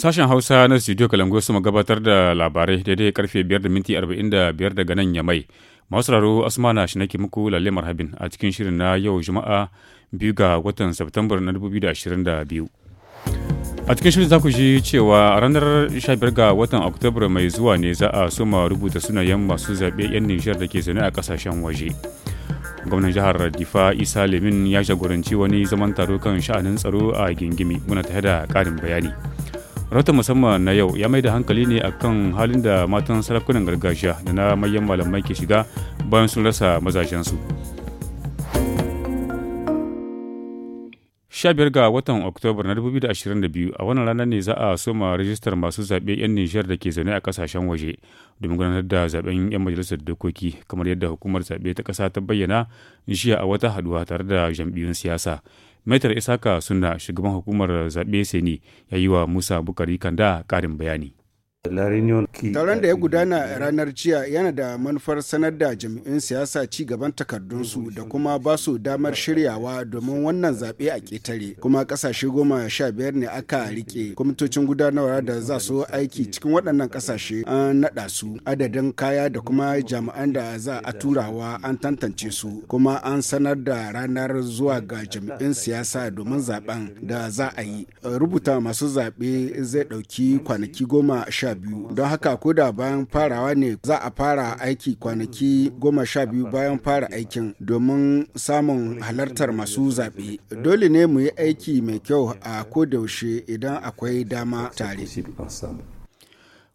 Sashen Hausa na Studio Kalango su gabatar da labarai daidai karfe 5 daga nan ya mai. Masu raro Asmana shi nake muku lalle marhabin a cikin shirin na yau Juma'a biyu ga watan Septambar na 2022. A cikin shirin za ku ji cewa a ranar 15 ga watan Oktobar mai zuwa ne za a soma rubuta sunayen masu zaɓe 'yan Nijar da ke zane a ƙasashen waje. gwamnan jihar difa isa lemin ya jagoranci wani zaman taro kan sha'anin tsaro a gingimi muna tare da ƙarin bayani rahoton musamman na yau ya mai da hankali ne akan halin da matan sarakunan gargajiya da na manyan malamai ke shiga bayan sun rasa mazajensu. sha biyar ga watan oktoba na 2022 a wannan ranar ne za a soma rajistar masu zaɓe 'yan nijar da ke zaune a kasashen waje domin gudanar da zaɓen 'yan majalisar dokoki kamar yadda hukumar zaɓe ta ƙasa ta bayyana jiya a wata haduwa tare da jam'iyyun siyasa Maitar Isaka suna shugaban hukumar zaɓe Seni ya yi wa Musa Bukari Kanda ƙarin bayani. Taron da ya gudana ranar jiya yana da manufar sanar da jami'in siyasa ci gaban takardunsu da kuma ba su damar shiryawa domin wannan zaɓe a ƙetare. Kuma ƙasashe goma sha biyar ne aka rike kwamitocin gudanarwa da za su aiki cikin waɗannan ƙasashe an naɗa su adadin kaya da kuma jami'an da za a turawa an tantance su kuma an sanar da ranar zuwa ga jami'in siyasa domin zaɓen da za a yi. Rubuta masu zaɓe zai ɗauki kwanaki goma sha sha biyu don haka ko da bayan farawa ne za a fara aiki kwanaki goma sha biyu bayan fara aikin domin samun halartar masu zaɓe dole ne mu yi aiki mai kyau a kodaushe idan akwai dama tare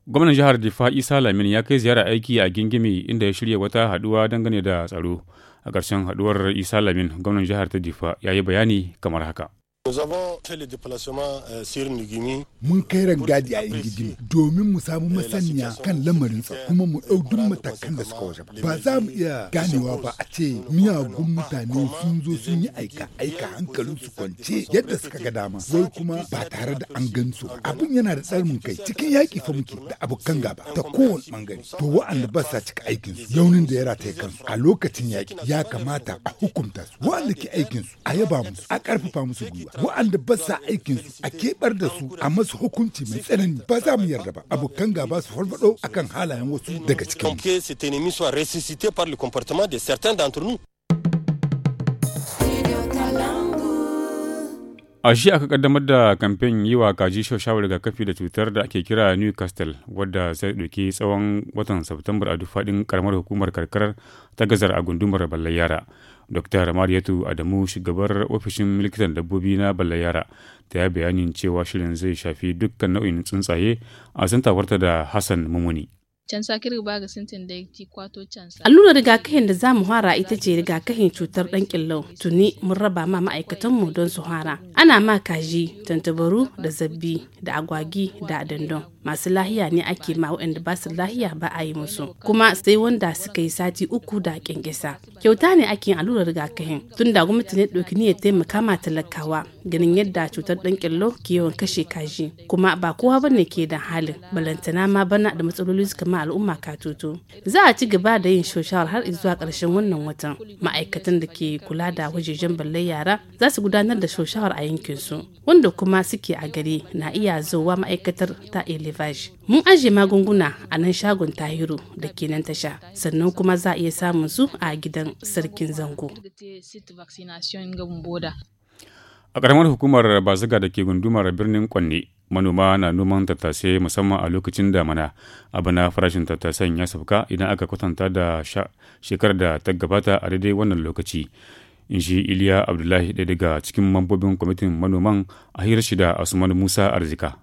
gwamnan jihar difa isa lamin ya kai ziyara aiki a gingimi inda ya shirya wata haduwa dangane da tsaro a ƙarshen haduwar isa lamin gwamnan jihar ta difa ya yi bayani kamar haka Euh, Mun kai rangadi a Ingidimi domin mu samu masaniya kan lamarinsa kuma mu ɗau duk matakan da suka waje ba. za mu iya ganewa ba a ce miyagun mutane sun zo sun yi aika aika hankalin su kwance yadda suka ga dama wai kuma ba tare da an gan su abin yana da tsarmin kai cikin yaƙi fa muke da abokan gaba ta kowane bangare to wa'anda ba sa cika aikin su yaunin da ya rataye kan. a lokacin yaƙi ya kamata a hukunta su wa'anda ke aikin su a yaba musu a ƙarfafa musu gwiwa wa'anda ba sa aikin su a keɓar da su a masu hukunci mai tsanani ba za mu yarda ba abokan gaba su farfado akan halayen wasu daga cikin a shi aka kaddamar da kamfen yi wa kaji shawarar rigakafi da cutar da ake kira newcastle wadda zai ɗauki tsawon watan september a duk faɗin karamar hukumar karkarar ta gazar a gundumar ballayyara. Dr. Mariyatu Adamu shugabar ofishin likitan dabbobi na Ballayara ta ya bayanin cewa shirin zai shafi dukkan nau'in tsuntsaye a santawarta da Hassan Mumuni. can Allurar rigakafin da za mu hara ita ce rigakafin cutar ɗan ƙillau tuni mun raba ma ma'aikatan mu don su hara. Ana ma kaji, tantabaru da zabbi da agwagi da dandon. Masu lahiya ne ake ma waɗanda ba su lahiya ba a yi musu. Kuma sai wanda suka yi sati uku da ƙyanƙyasa. Kyauta ne ake allurar rigakafin tun da gwamnati ne ɗauki niyyar taimaka ma talakawa. ganin yadda cutar ɗan ƙyallo ke yawan kashe kaji kuma ba kowa bane ke da halin balantana ma bana da matsaloli suka ma al'umma ka katutu za a ci gaba da yin shoshawar har zuwa ƙarshen wannan watan ma'aikatan da ke kula da wajejen ballon yara za su gudanar da shoshawar a yankin su wanda kuma suke a gari na iya zowa ma'aikatar ta elevage mun ajiye magunguna a nan shagon tahiru da ke nan tasha sannan kuma za a iya samun su a gidan sarkin zango. A ƙaramar hukumar Bazuga da ke gundumar birnin Kwanne, manoma na noman tattasai musamman a lokacin damana. na farashin tattasan ya sauka idan aka kwatanta da shekarar da ta gabata a daidai wannan lokaci. In shi Iliya Abdullahi ɗaya daga cikin mambobin kwamitin manoman a hirar shida Asuman Musa Arzika.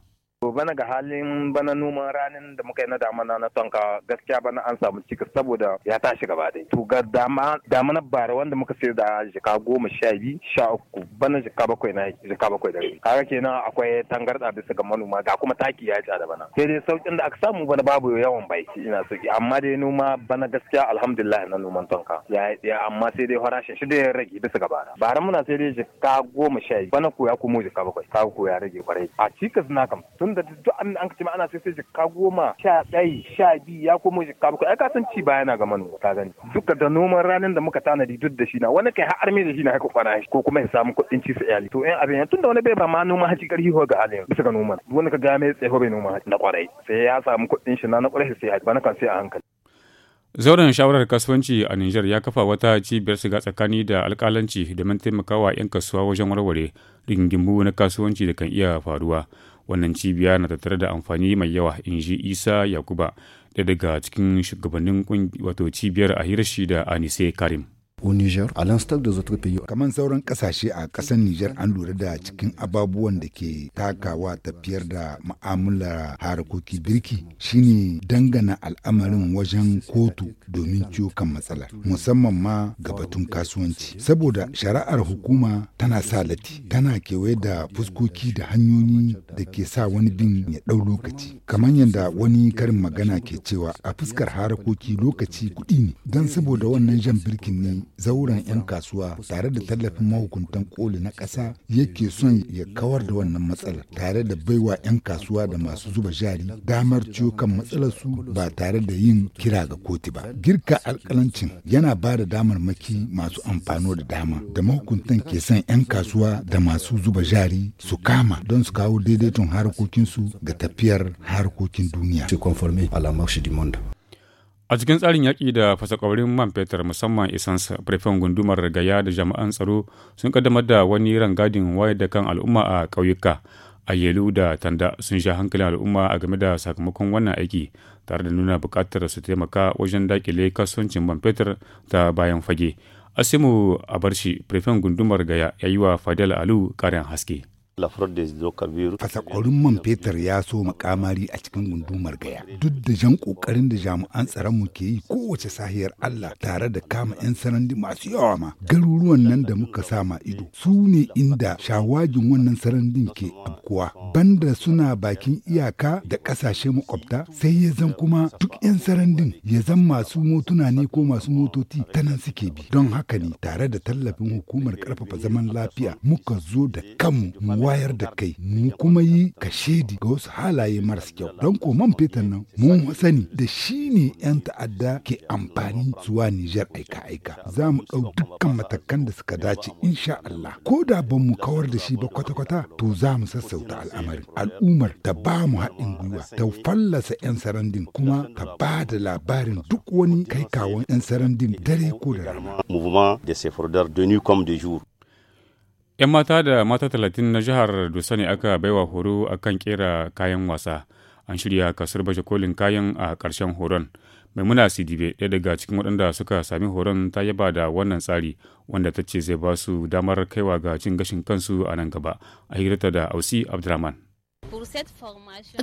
bana ga halin bana noman ranin da muka yi na damana na tonka gaskiya bana an samu cikas saboda ya tashi gaba dai to ga damana bara wanda muka sayar da jika goma sha biyu sha uku bana jika bakwai na jika bakwai da rabi kaga kenan akwai tangarda bisa ga manoma ga kuma taki ya ja da bana sai dai saukin da aka samu bana babu yawan baki ina sauki amma dai noma bana gaskiya alhamdulillah na noman tonka ya amma sai dai farashin shi dai rage bisa ga bara bara muna sai dai jika goma sha biyu bana koya kuma jika bakwai kaga koya rage kwarai a cikas na kam tun tun da duk abin da an kace ana sai sai jikka goma sha ɗaya sha biyu ya komo jikka bakwai ai ka san ci baya na ga manoma ka gani duka da noman ranar da muka tanadi duk da shi na wani kai har me da shi na haka kwana shi ko kuma ya samu kuɗin ci su iyali to in abin ya tunda wani bai ba ma noma haji ƙarfi ho ga halin bisa ga noman wani ka ga mai tsaye bai noma haji na kwarai sai ya samu kuɗin shi na na kwarai sai haji ba na kan sai a hankali Zauren shawarar kasuwanci a Nijar ya kafa wata cibiyar shiga tsakani da alkalanci domin taimakawa 'yan kasuwa wajen warware rigingimu na kasuwanci da kan iya faruwa. wannan cibiya na tattare da amfani mai yawa in ji isa yakuba ɗaya daga cikin shugabannin wato cibiyar a hirashi da anise karim ko Niger a l'instar ta yi pays. Kamar sauran kasashe a ƙasar Niger an lura da cikin ababuwan da ke takawa tafiyar da mu'amalar harkoki birki shine dangana al'amarin wajen kotu domin ciwo kan matsala musamman ma ga batun kasuwanci saboda shari'ar hukuma tana sa lati tana kewaye da fuskoki da hanyoyi da ke sa wani bin ya ɗau lokaci kamar yadda wani karin magana ke cewa a fuskar harkoki lokaci kuɗi ne don saboda wannan jan birkin ne zauren 'yan kasuwa tare da tallafin mahukuntan koli na ƙasa yake son ya kawar da wannan matsalar tare da baiwa 'yan kasuwa da masu zuba jari damar ciyo kan matsalarsu ba tare da yin kira ga koti ba. Girka alkalancin yana ba da damar maki masu amfano da dama da mahukuntan ke son 'yan kasuwa da masu zuba jari su kama don su kawo daidaiton harkokinsu ga tafiyar harkokin duniya. A cikin tsarin yaƙi da fasakwarin man fetur musamman isansa, firfin gundumar gaya da jama'an tsaro sun kaddamar da wani rangadin wayar da kan al'umma a ƙauyuka. a yelu da tanda sun sha hankalin al'umma a game da sakamakon wannan aiki tare da nuna buƙatar su taimaka wajen dakile kasuwancin man fetur ta bayan fage asimu a shi prefen gundumar gaya ya yi wa fadel alu ƙarin haske Fasakwarin man fetur ya so makamari a cikin gundumar gaya. Duk da jan kokarin da jami'an tsaron mu ke yi kowace sahiyar Allah tare da kama 'yan sarandi masu yawa ma. Garuruwan nan da muka sama ido su ne inda shawagin wannan sarandin ke abkuwa. Banda suna bakin iyaka da ƙasashe makwabta sai ya zan kuma duk 'yan sarandin ya zan masu motuna ne ko masu motoci ta nan suke bi. Don haka ne tare da tallafin hukumar ƙarfafa zaman lafiya muka zo da kanmu mu wayar da kai mu kuma yi kashedi ga wasu halaye marasa kyau don ko man fetur nan mun sani da shi ne 'yan ta'adda ke amfani zuwa Nijar aika-aika za mu ɗau dukkan matakan da suka dace insha Allah ko da ban mu kawar da shi ba kwata-kwata to za mu sassauta al'amarin al'ummar ta ba mu haɗin gwiwa ta fallasa 'yan sarandin kuma ta ba da labarin duk wani kai kawon 'yan sarandin dare ko da rana. Mouvement de Sefordar de nuit comme de jour. 'Yan mata da mata talatin na jihar Dusa ne aka baiwa horo a kan kera kayan wasa. An shirya kasar baje kolin kayan a ƙarshen horon. Maimuna Sidibe ɗaya daga cikin waɗanda suka sami horon ta yaba da wannan tsari wanda ta ce zai ba su damar kaiwa ga cin gashin kansu a nan gaba. A da Ausi Abdurrahman.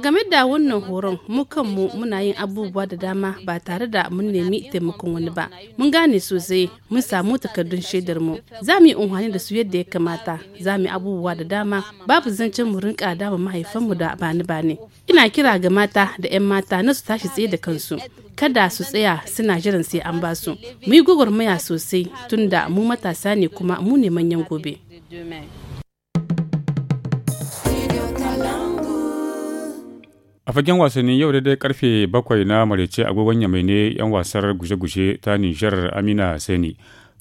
Game da wannan horon mu kanmu muna yin abubuwa da dama ba tare da mun nemi taimakon wani ba. Mun gane sosai mun samu takardun shaidar mu. Za mu yi unhwani da su yadda ya kamata. Za mu yi abubuwa da dama babu zancen mu rinka dama mu da bani bani. Ina kira ga mata da 'yan mata na su tashi tsaye da kansu. Kada su tsaya suna jiran sai an ba su. Mu yi gwagwarmaya sosai tunda mu matasa ne kuma mu ne manyan gobe. A fagen wasanni yau da karfe bakwai na marece agogon yamai ne 'yan wasar guje-guje ta Nijar Amina Seni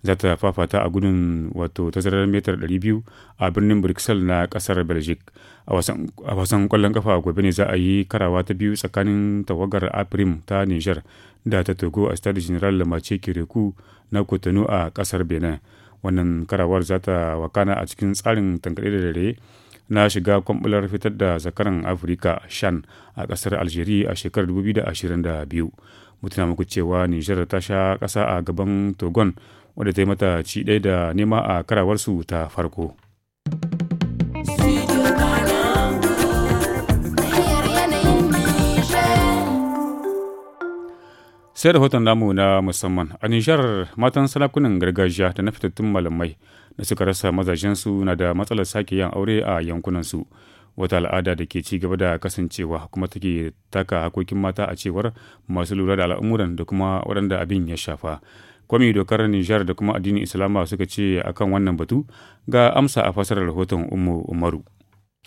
za ta fafata a gudun wato tazarar metar 200 a birnin Brussels na kasar belgic A wasan kwallon kafa gobe ne za a yi karawa ta biyu tsakanin tawagar Aprim ta Nijar da ta Togo a Stade General Mace Kireku na Cotonou a kasar Benin. Wannan karawar za ta wakana a cikin tsarin tankaɗe da dare na shiga kwambular fitar da zakaran afirka shan a kasar algeria a shekarar 2022 mutuna muku cewa nijar ta sha kasa a gaban togon wadda ta yi mata ci ɗaya da nema a karawarsu ta farko. sai rahoton namu na musamman a nishar matan salakunan gargajiya da na fitattun malamai da suka rasa mazajensu na da matsalar sake yin aure a yankunansu wata al'ada da ke ci gaba da kasancewa kuma take taka hakokin mata a cewar masu lura da al'amuran da kuma waɗanda abin ya shafa kwami dokar nijar da kuma addinin islama suka ce akan wannan batu ga amsa a fasarar rahoton umu umaru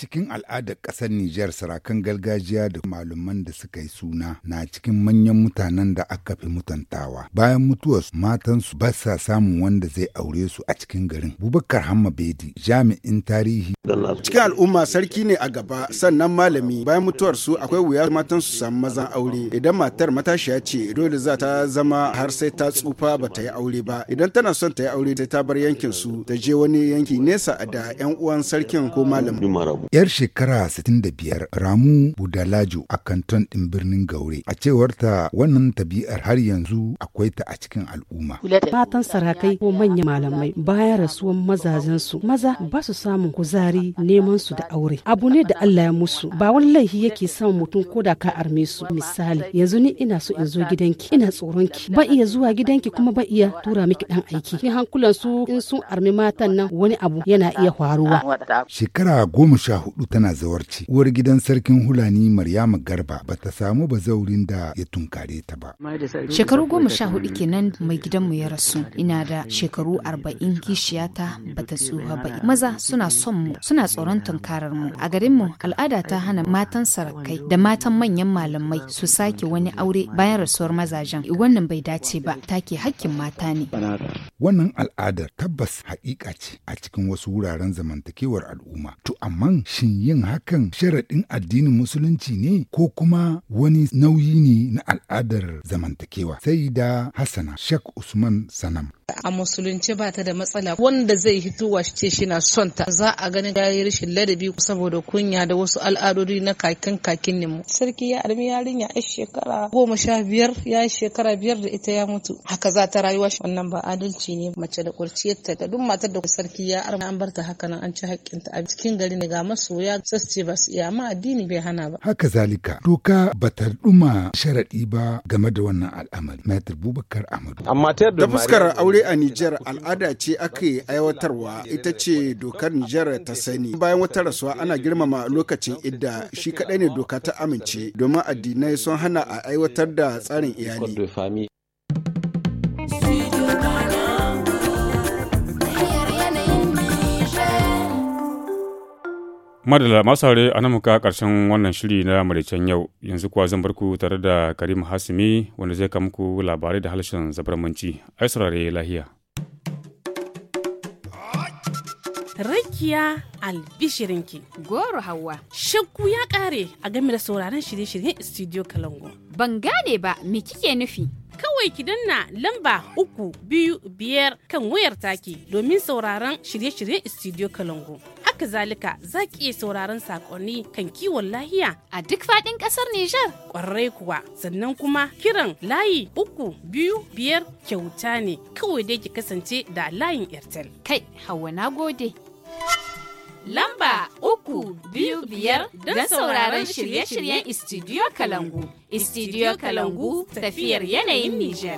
Cikin al'adar ƙasar Nijar sarakan gargajiya da malaman da suka yi suna na cikin manyan mutanen da aka fi mutantawa. Bayan mutuwar matansu ba sa samun wanda zai aure su a cikin garin. Bubakar Hamma Bedi jami'in tarihi. Cikin al'umma sarki ne a gaba sannan malami bayan mutuwar su akwai wuya matan su samu mazan aure. Idan matar matashiya ce dole za ta zama har sai ta tsufa ba ta yi aure ba. Idan tana son ta yi aure sai ta bar yankin su ta je wani yanki nesa da 'yan uwan sarkin ko malamin. 'yar shekara 65 Ramu Budalajo a kanton ɗin birnin Gaure. A cewar ta wannan tabi'ar har yanzu akwai ta a cikin al'umma. Matan sarakai ko manyan malamai bayan rasuwan mazajen su maza ba su samun kuzari neman su da aure. Abu ne da Allah ya musu ba wani laifi yake samun mutum ko da ka arme su. Misali yanzu ni ina so in zo gidanki ina tsoron ki. ba iya zuwa gidanki kuma ba iya tura miki dan aiki. Ki hankulan su in sun arme matan nan wani abu yana iya faruwa. Shekara goma sha hudu tana zawarci. Uwar gidan sarkin Hulani Maryama Garba ba ta samu bazaurin da ya tunkare ta ba. Shekaru goma sha hudu kenan mai gidanmu ya rasu. Ina da shekaru arba'in kishiyata ba ta tsuha ba. Maza suna son mu, suna tsoron tunkarar mu. A garin mu al'ada ta hana matan sarakai da matan manyan malamai su sake wani aure bayan rasuwar mazajen. Wannan bai dace ba, take hakkin mata ne. Wannan al'adar tabbas haƙiƙa ce a cikin wasu wuraren zamantakewar al'umma. To amma shin yin hakan sharaɗin addinin musulunci ne ko kuma wani nauyi ne na al'adar zamantakewa? Sai da Hassana shek Usman Sanam. a musulunci ba ta da matsala wanda zai hitowa shi ce shi na son ta za a gani ya yi rashin ladabi saboda kunya da wasu al'adodi na kakin kakin mu. sarki ya armi yarinya a shekara goma sha biyar ya yi shekara biyar da ita ya mutu haka za ta rayuwa wannan ba adalci ne mace da kurciyarta da duk matar da sarki ya armi an bar barta haka nan an ci haƙƙinta a cikin gari ne ga masoya sasce ba su iya amma addini bai hana ba haka zalika doka ba ta ɗuma sharaɗi ba game da wannan al'amari matar bubakar amadu amma ta da fuskar aure Aure a Nijar al'ada ce ake aiwatarwa ita ce dokar Nijar ta sani. Bayan wata rasuwa ana girmama lokacin idda shi kaɗai ne doka ta amince domin addinai sun hana a aiwatar da tsarin iyali. Madalla masu haure a nan muka karshen wannan shiri na maraicen yau yanzu kuwa zan barku tare da Karim Hasimi wanda zai kama muku labarai da halshen zabarmanci. Ai saurare lahiya. Rakiya albishirinki goro hawa. Shakku ya kare a game da sauraron shirye-shiryen Studio Kalango. Ban gane ba me kike nufi? kawai ki danna lamba uku biyu biyar kan wayar take domin sauraron shirye-shiryen studio kalangu Haka zalika za ki iya sauraron saƙonni kan kiwon lahiya. A duk faɗin ƙasar Nijar. Ƙwarai kuwa sannan kuma kiran layi uku biyu biyar kyauta ne kawai dai ki kasance da layin Airtel. Kai hawa na gode. Lamba uku biyu biyar don sauraron shirye-shiryen Istidiyo Kalangu. Istidiyo Kalangu tafiyar yanayin Nijar.